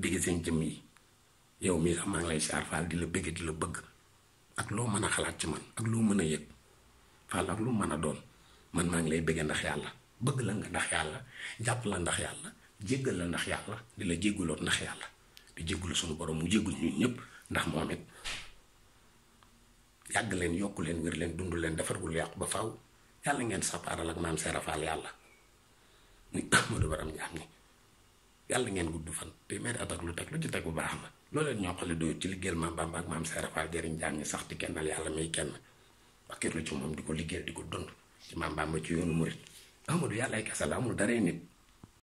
bëgg seen jëm yi yow mi sax maa ngi lay siyaar faal di la bëgg di la bëgg ak loo mën a xalaat ci man ak loo mën a yëg faal ak lu mën a doon man maa ngi lay bëgg ndax yàlla bëgg la nga ndax yàlla jàpp la ndax yàlla jéggal la ndax yàlla di la jéggaloot ndax yàlla di jéggul sunu borom mu jéggul ñun ñëpp ndax moom it yàgg leen yokk leen wér leen dund leen defargul yàqu ba faw yàlla ngeen sàppaaral ak maam seera faal yàlla ni ahmadu baram jaam ni yàlla ngeen gudd fan téeméeri at ak lu teg lu ci tegu baax na loolu leen ñoo xale doyut ci liggéeyal maam Bamba ak maam Seera Faal jëriñ jaam ñi sax di kennal yàlla may kenn wakkiir lu ci moom di ko liggéeyal di ko dund ci maam Bamba ci yoonu murit Amadou yàlla ay kese la amul daree nit